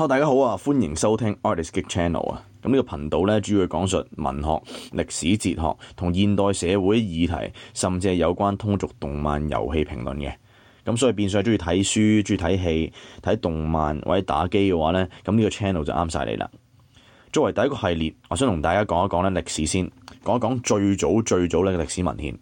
好，Hello，大家好啊！歡迎收聽 Artist Geek Channel 啊。咁呢個頻道咧，主要講述文學、歷史、哲學同現代社會議題，甚至係有關通俗動漫、遊戲評論嘅。咁所以變相係中意睇書、中意睇戲、睇動漫或者打機嘅話咧，咁、這、呢個 channel 就啱晒你啦。作為第一個系列，我想同大家講一講咧歷史先，講一講最早最早咧嘅歷史文獻。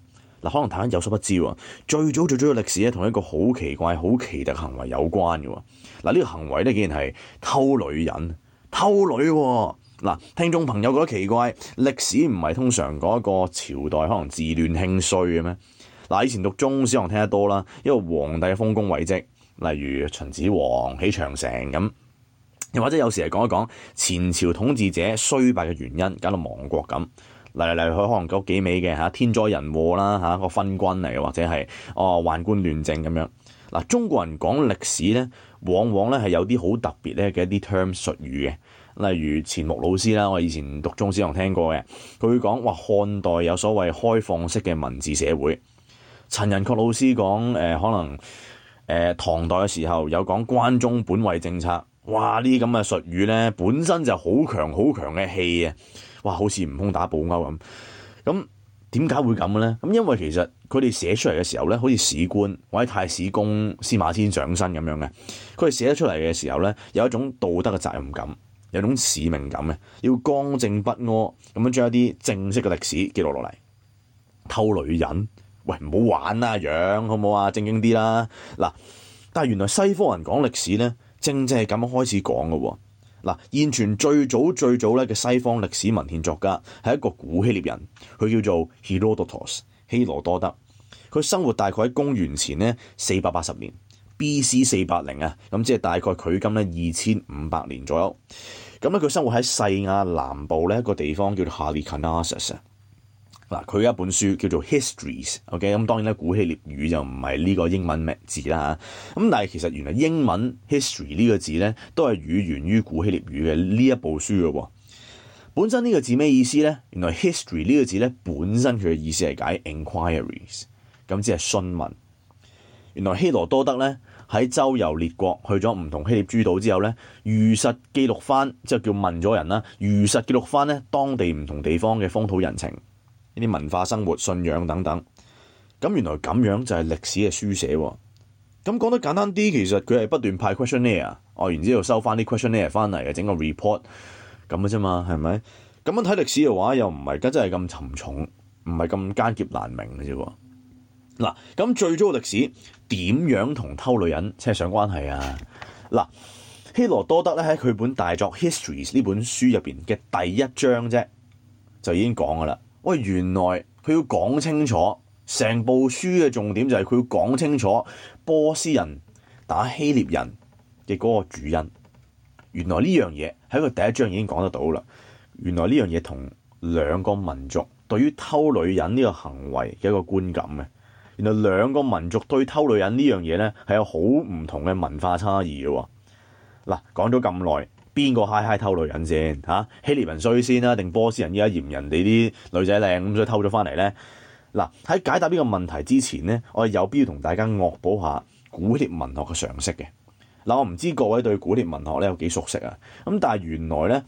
嗱，可能大家有所不知喎，最早最早嘅歷史咧，同一個好奇怪、好奇特行為有關嘅喎。嗱，呢個行為咧，竟然係偷女人、偷女喎。嗱，聽眾朋友覺得奇怪，歷史唔係通常講一個朝代可能自亂興衰嘅咩？嗱，以前讀《中史》可能聽得多啦，一個皇帝嘅豐功偉績，例如秦始皇起長城咁，又或者有時嚟講一講前朝統治者衰敗嘅原因，搞到亡國咁。嚟嚟去去可能都幾美嘅嚇、啊，天災人禍啦嚇，啊、一個昏君嚟嘅，或者係哦宦官亂政咁樣。嗱，中國人講歷史咧，往往咧係有啲好特別咧嘅一啲 term 術語嘅，例如錢穆老師啦，我以前讀中史堂聽過嘅，佢會講話漢代有所謂開放式嘅文字社會。陳寅恪老師講誒、呃，可能誒、呃、唐代嘅時候有講關中本位政策。哇！呢啲咁嘅術語咧，本身就好強好強嘅氣啊！哇，好似悟空打保鈎咁。咁點解會咁咧？咁因為其實佢哋寫出嚟嘅時候咧，好似史官或者太史公、司馬遷上身咁樣嘅，佢哋寫得出嚟嘅時候咧，有一種道德嘅責任感，有一種使命感嘅，要剛正不阿咁樣將一啲正式嘅歷史記錄落嚟。偷女人，喂，唔好玩啊樣，好唔好啊？正經啲啦。嗱，但係原來西方人講歷史咧。正正係咁樣開始講嘅喎，嗱，現存最早最早咧嘅西方歷史文獻作家係一個古希臘人，佢叫做 Herodotus 希羅多德，佢生活大概喺公元前呢四百八十年 B.C. 四百零啊，咁即係大概距今呢二千五百年左右，咁咧佢生活喺西亞南部呢一個地方叫做 Halikarnassus。嗱，佢有一本書叫做《Histories》，OK 咁當然咧，古希臘語就唔係呢個英文名字啦嚇。咁但係其實原來英文 history 呢個字咧，都係語源於古希臘語嘅呢一部書嘅、哦、本身呢個字咩意思咧？原來 history 呢個字咧本身佢嘅意思係解 inquiries，咁即係詢問。原來希羅多，多德咧喺周遊列國，去咗唔同希臘諸島之後咧，如實記錄翻，即係叫問咗人啦，如實記錄翻咧當地唔同地方嘅風土人情。啲文化、生活、信仰等等，咁原來咁樣就係歷史嘅書寫。咁講得簡單啲，其實佢係不斷派 questionnaire，哦，然之後收翻啲 questionnaire 翻嚟嘅整個 report 咁嘅啫嘛，係咪？咁樣睇歷史嘅話，又唔係而家真係咁沉重，唔係咁艱劫難明嘅啫。嗱、啊，咁最早嘅歷史點樣同偷女人扯上關係啊？嗱、啊，希羅多德咧喺佢本大作《Histories》呢本書入邊嘅第一章啫就已經講噶啦。我原來佢要講清楚成部書嘅重點就係佢要講清楚波斯人打希臘人嘅嗰個主因。原來呢樣嘢喺佢第一章已經講得到啦。原來呢樣嘢同兩個民族對於偷女人呢個行為嘅一個觀感嘅，原來兩個民族對偷女人呢樣嘢呢係有好唔同嘅文化差異嘅喎。嗱，講咗咁耐。邊個嗨嗨偷女人先嚇？希臘人衰先啦，定波斯人依家嫌人哋啲女仔靚咁，所以偷咗返嚟咧？嗱，喺解答呢個問題之前咧，我哋有必要同大家惡補下古希臘文學嘅常識嘅。嗱，我唔知各位對古希臘文學咧有幾熟悉啊？咁但係原來咧，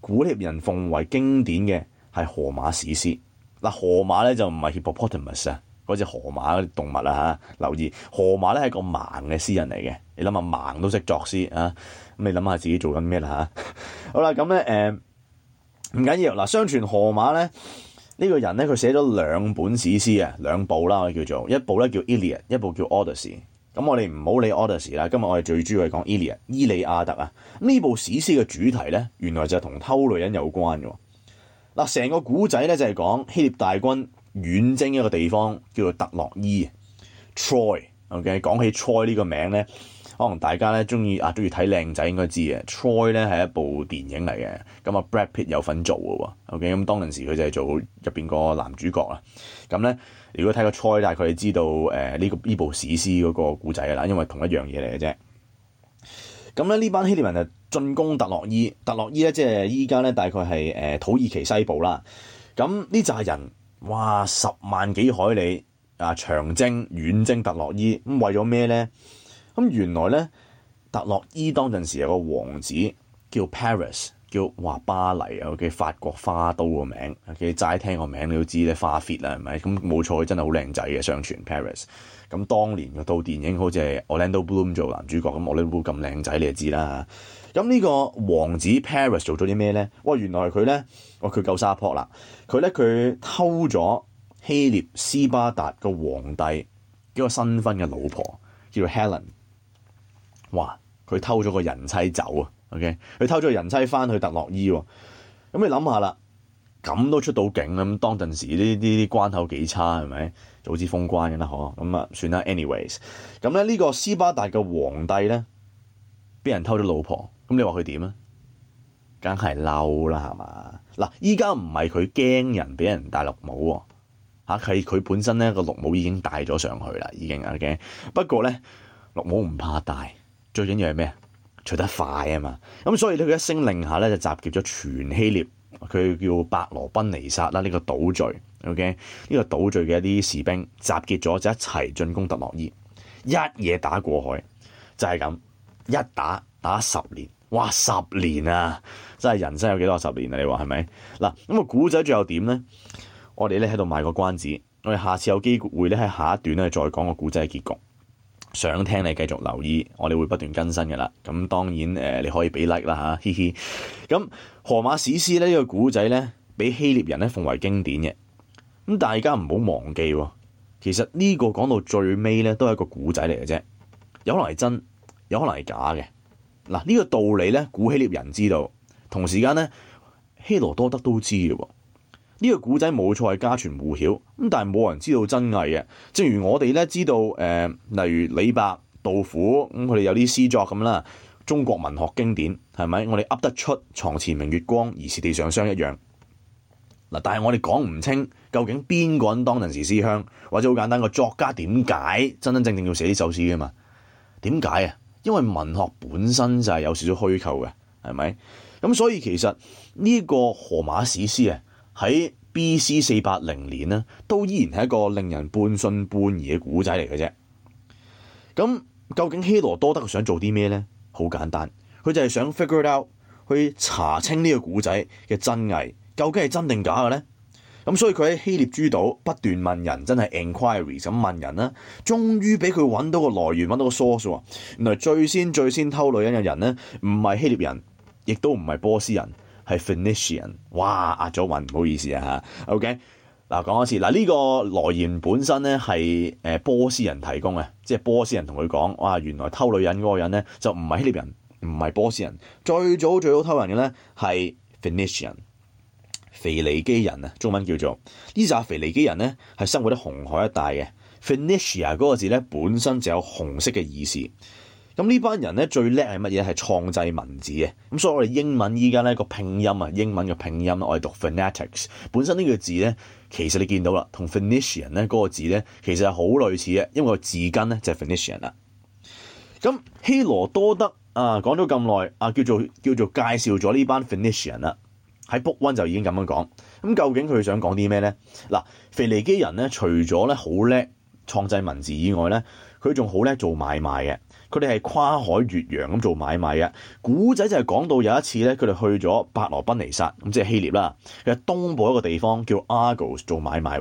古希臘人奉為經典嘅係荷馬史詩。嗱，荷馬咧就唔係 Hippopotamus 啊。嗰隻河馬嗰啲動物啊嚇，留意河馬咧係個盲嘅詩人嚟嘅，你諗下盲都識作詩啊！咁你諗下自己做緊咩啦嚇？好啦，咁咧誒唔緊要嗱，相傳河馬咧呢、呢個人咧佢寫咗兩本史詩啊，兩部啦我叫做一部咧叫 Iliad 一部叫 Odyssey 咁我哋唔好理 Odyssey 啦，今日我哋最主要係講 Iliad 伊利亞特啊！呢部史詩嘅主題咧，原來就係同偷女人有關嘅喎。嗱、啊，成個古仔咧就係、係、講希臘大軍。遠征一個地方叫做特洛伊 （Troy）。OK，講起 Troy 呢個名咧，可能大家咧中意啊，中意睇靚仔應該知嘅。Troy 咧係一部電影嚟嘅，咁啊 Brad Pitt 有份做嘅喎。OK，咁當陣時佢就係做入邊個男主角啦。咁咧，如果睇個 Troy，大概知道誒呢個呢部史詩嗰個故仔㗎啦，因為同一樣嘢嚟嘅啫。咁咧呢班希臘人就進攻特洛伊。特洛伊咧即係依家咧大概係誒、呃、土耳其西部啦。咁呢扎人。哇！十萬幾海里啊，長征遠征特洛伊，咁為咗咩咧？咁原來咧，特洛伊當陣時有個王子叫 Paris。叫話巴黎啊，OK，法國花都個名，OK，齋聽個名你都知咧，花 fit 啦，係咪？咁冇錯，佢真係好靚仔嘅，上傳 Paris。咁當年套電影好似係 Orlando Bloom 做男主角，咁 Orlando Bloom 咁靚仔，你就知啦。咁呢個王子 Paris 做咗啲咩咧？哇，原來佢咧，哇，佢夠沙婆啦！佢咧，佢偷咗希臘斯巴達個皇帝一個新婚嘅老婆，叫做 Helen。哇，佢偷咗個人妻走啊！OK，佢偷咗人妻翻去特洛伊喎，咁你諗下啦，咁都出到境啦，咁當陣時呢啲啲關口幾差係咪？早知封關㗎啦，嗬，咁啊算啦，anyways，咁咧呢個斯巴達嘅皇帝咧，俾人偷咗老婆，咁你話佢點啊？梗係嬲啦，係嘛？嗱，依家唔係佢驚人俾人戴綠帽喎，吓，係佢本身咧個綠帽已經戴咗上去啦，已經啊嘅。不過咧綠帽唔怕戴，最緊要係咩啊？除得快啊嘛，咁所以咧佢一聲令下咧就集結咗全希臘，佢叫白羅奔尼撒啦呢、這個島嶼，OK 呢個島嶼嘅一啲士兵集結咗就一齊進攻特洛伊，一夜打過去，就係咁，一打打十年，哇十年啊，真係人生有幾多十年啊？你話係咪？嗱咁啊，古仔最後點咧？我哋咧喺度賣個關子，我哋下次有機會咧喺下一段咧再講個古仔嘅結局。想聽你繼續留意，我哋會不斷更新嘅啦。咁當然，誒你可以俾 like 啦吓，嘻嘻。咁《荷馬史詩》呢個古仔呢，俾希臘人咧奉為經典嘅。咁大家唔好忘記，其實呢個講到最尾呢，都係一個古仔嚟嘅啫，有可能係真，有可能係假嘅嗱。呢個道理呢，古希臘人知道，同時間呢，希羅多德都知嘅。呢個古仔冇錯係家傳戶曉，咁但係冇人知道真偽嘅。正如我哋咧知道，誒、呃、例如李白、杜甫咁，佢哋有啲詩作咁啦。中國文學經典係咪？我哋噏得出床前明月光，疑是地上霜一樣嗱。但係我哋講唔清究竟邊個人當陣時思鄉，或者好簡單個作家點解真真正正要寫呢首詩嘅？嘛點解啊？因為文學本身就係有少少虛構嘅，係咪？咁所以其實呢、這個《荷馬史詩》啊。喺 B.C. 四八零年咧，都依然係一個令人半信半疑嘅古仔嚟嘅啫。咁究竟希羅多德想做啲咩呢？好簡單，佢就係想 figure out，去查清呢個古仔嘅真偽，究竟係真定假嘅呢。咁所以佢喺希臘諸島不斷問人，真係 inquiry 咁問人啦。終於俾佢揾到個來源，揾到個 source 啊！原來最先最先偷女人嘅人呢，唔係希臘人，亦都唔係波斯人。係 Phoenician，哇壓咗暈，唔好意思啊嚇。OK，嗱講多次嗱呢個來源本身咧係誒波斯人提供嘅，即係波斯人同佢講，哇原來偷女人嗰個人咧就唔係希臘人，唔係波斯人，最早最早偷人嘅咧係 Phoenician，腓尼基人啊，中文叫做呢啲腓尼基人咧係生活喺紅海一帶嘅 Phoenicia 嗰個字咧本身就有紅色嘅意思。咁呢班人咧最叻係乜嘢？係創制文字嘅。咁所以我哋英文依家咧個拼音啊，英文嘅拼音我哋讀 phonetics。本身呢個字咧，其實你見到啦，同 Phoenician 咧嗰個字咧，其實係好類似嘅，因為個字根咧就係 Phoenician 啦。咁希羅多德啊講咗咁耐啊，叫做叫做介紹咗呢班 Phoenician 啦。喺 book one 就已經咁樣講。咁究竟佢想講啲咩咧？嗱、啊，腓尼基人咧，除咗咧好叻創制文字以外咧。佢仲好叻做買賣嘅，佢哋係跨海越洋咁做買賣嘅。古仔就係講到有一次咧，佢哋去咗伯羅奔尼撒，咁即係希臘啦，佢喺東部一個地方叫 Argos 做買賣。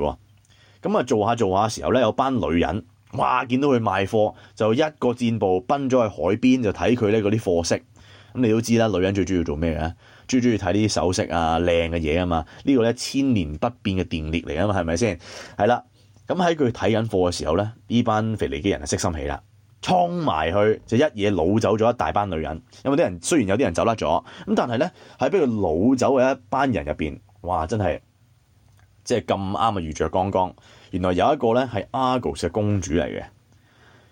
咁啊，做下做下時候咧，有班女人哇，見到佢賣貨，就一個箭步奔咗去海邊，就睇佢咧嗰啲貨色。咁你都知啦，女人最中意做咩嘅？最中意睇啲首飾啊、靚嘅嘢啊嘛。呢個咧千年不變嘅定律嚟啊嘛，係咪先？係啦。咁喺佢睇緊貨嘅時候咧，呢班腓尼基人啊，色心起啦，衝埋去就一嘢擄走咗一大班女人。因為啲人雖然有啲人走甩咗咁，但係咧喺俾佢擄走嘅一班人入邊，哇！真係即係咁啱啊！遇着剛剛，原來有一個咧係 Argos 嘅公主嚟嘅。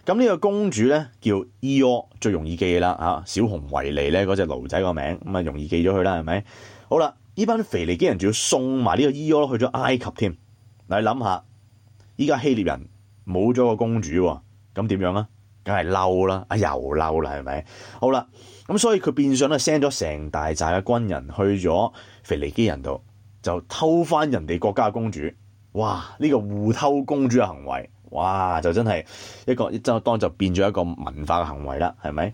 咁呢個公主咧叫伊俄，最容易記啦啊！小熊維尼咧嗰隻驢仔個名咁啊，容易記咗佢啦，係咪好啦？呢班腓尼基人仲要送埋呢個 Eo 去咗埃及添。你諗下。依家希臘人冇咗個公主，咁點樣啊？梗係嬲啦，啊又嬲啦，係咪？好啦，咁所以佢變相咧，send 咗成大扎嘅軍人去咗腓尼基人度，就偷翻人哋國家公主。哇！呢個互偷公主嘅行為，哇，就真係一個，就當就變咗一個文化嘅行為啦，係咪？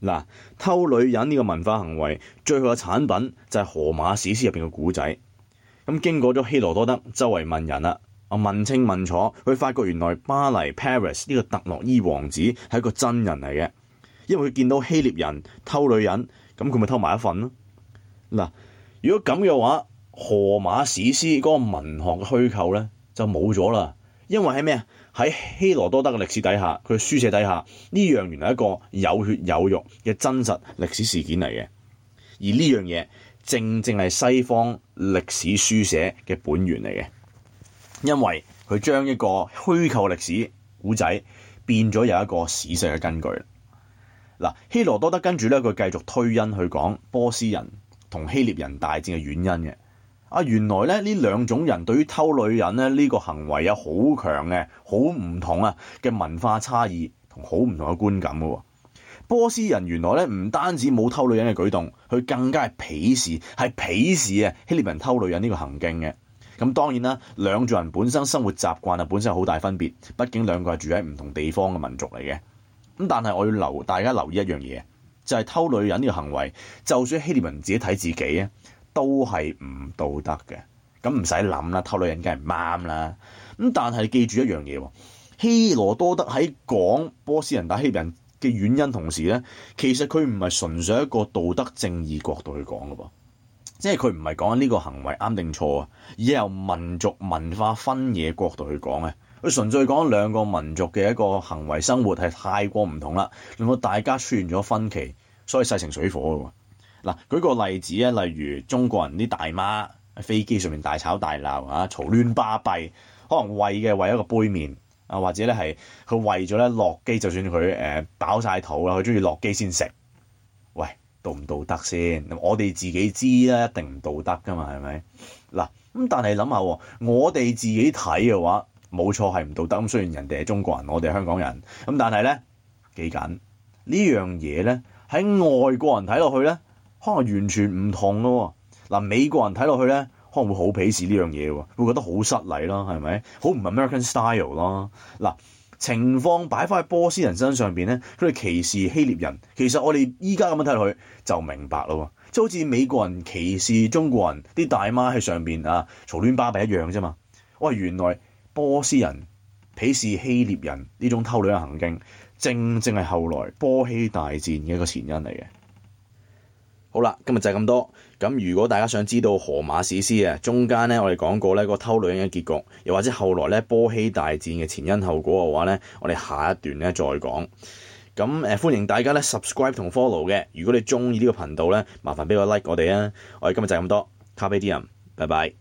嗱，偷女人呢個文化行為最好嘅產品就係《荷馬史詩》入邊嘅古仔。咁經過咗希羅多德周圍問人啦。我問清問楚，佢發覺原來巴黎 Paris 呢個特洛伊王子係一個真人嚟嘅，因為佢見到希臘人偷女人，咁佢咪偷埋一份咯。嗱，如果咁嘅話，荷馬史詩嗰個文學嘅虛構呢就冇咗啦，因為喺咩？喺希羅多德嘅歷史底下，佢書寫底下呢樣原來係一個有血有肉嘅真實歷史事件嚟嘅，而呢樣嘢正正係西方歷史書寫嘅本源嚟嘅。因為佢將一個虛構歷史古仔變咗有一個史實嘅根據。嗱，希羅多德跟住咧，佢繼續推因去講波斯人同希臘人大戰嘅原因嘅。啊，原來咧呢兩種人對於偷女人咧呢個行為有好強嘅、好唔同啊嘅文化差異同好唔同嘅觀感噶。波斯人原來咧唔單止冇偷女人嘅舉動，佢更加係鄙視，係鄙視啊希臘人偷女人呢個行徑嘅。咁當然啦，兩族人本身生活習慣啊，本身好大分別。畢竟兩個係住喺唔同地方嘅民族嚟嘅。咁但係我要留大家留意一樣嘢，就係偷女人呢個行為，就算希臘人自己睇自己啊，都係唔道德嘅。咁唔使諗啦，偷女人梗係唔啱啦。咁但係記住一樣嘢喎，希羅多德喺講波斯人打希臘人嘅原因同時咧，其實佢唔係純粹一個道德正義角度去講㗎噃。即係佢唔係講緊呢個行為啱定錯啊，而係由民族文化分野角度去講咧。佢純粹講兩個民族嘅一個行為生活係太過唔同啦，令到大家出現咗分歧，所以勢成水火嘅喎。嗱，舉個例子咧，例如中國人啲大媽喺飛機上面大吵大鬧啊，嘈亂巴閉，可能為嘅為一個杯麵啊，或者咧係佢為咗咧落機，就算佢誒飽晒肚啦，佢中意落機先食。道唔道德先，我哋自己知啦，一定唔道德噶嘛，係咪？嗱，咁但係諗下，我哋自己睇嘅話，冇錯係唔道德。咁雖然人哋係中國人，我哋係香港人，咁但係咧，記緊呢樣嘢咧，喺外國人睇落去咧，可能完全唔同咯。嗱，美國人睇落去咧，可能會好鄙視呢樣嘢喎，會覺得好失禮囉，係咪？好唔 American style 囉，嗱。情況擺翻喺波斯人身上邊咧，佢哋歧視希臘人。其實我哋依家咁樣睇落去就明白咯，即係好似美國人歧視中國人媽，啲大媽喺上邊啊，嘈亂巴閉一樣啫嘛。喂，原來波斯人鄙視希臘人呢種偷戀行徑，正正係後來波希大戰嘅一個前因嚟嘅。好啦，今日就係咁多。咁如果大家想知道《荷馬史詩》啊，中間咧我哋講過咧個偷女人嘅結局，又或者後來咧波希大戰嘅前因後果嘅話咧，我哋下一段咧再講。咁誒，歡迎大家咧 subscribe 同 follow 嘅。如果你中意呢個頻道咧，麻煩俾個 like 我哋啊。我哋今日就係咁多，咖啡啲人，拜拜。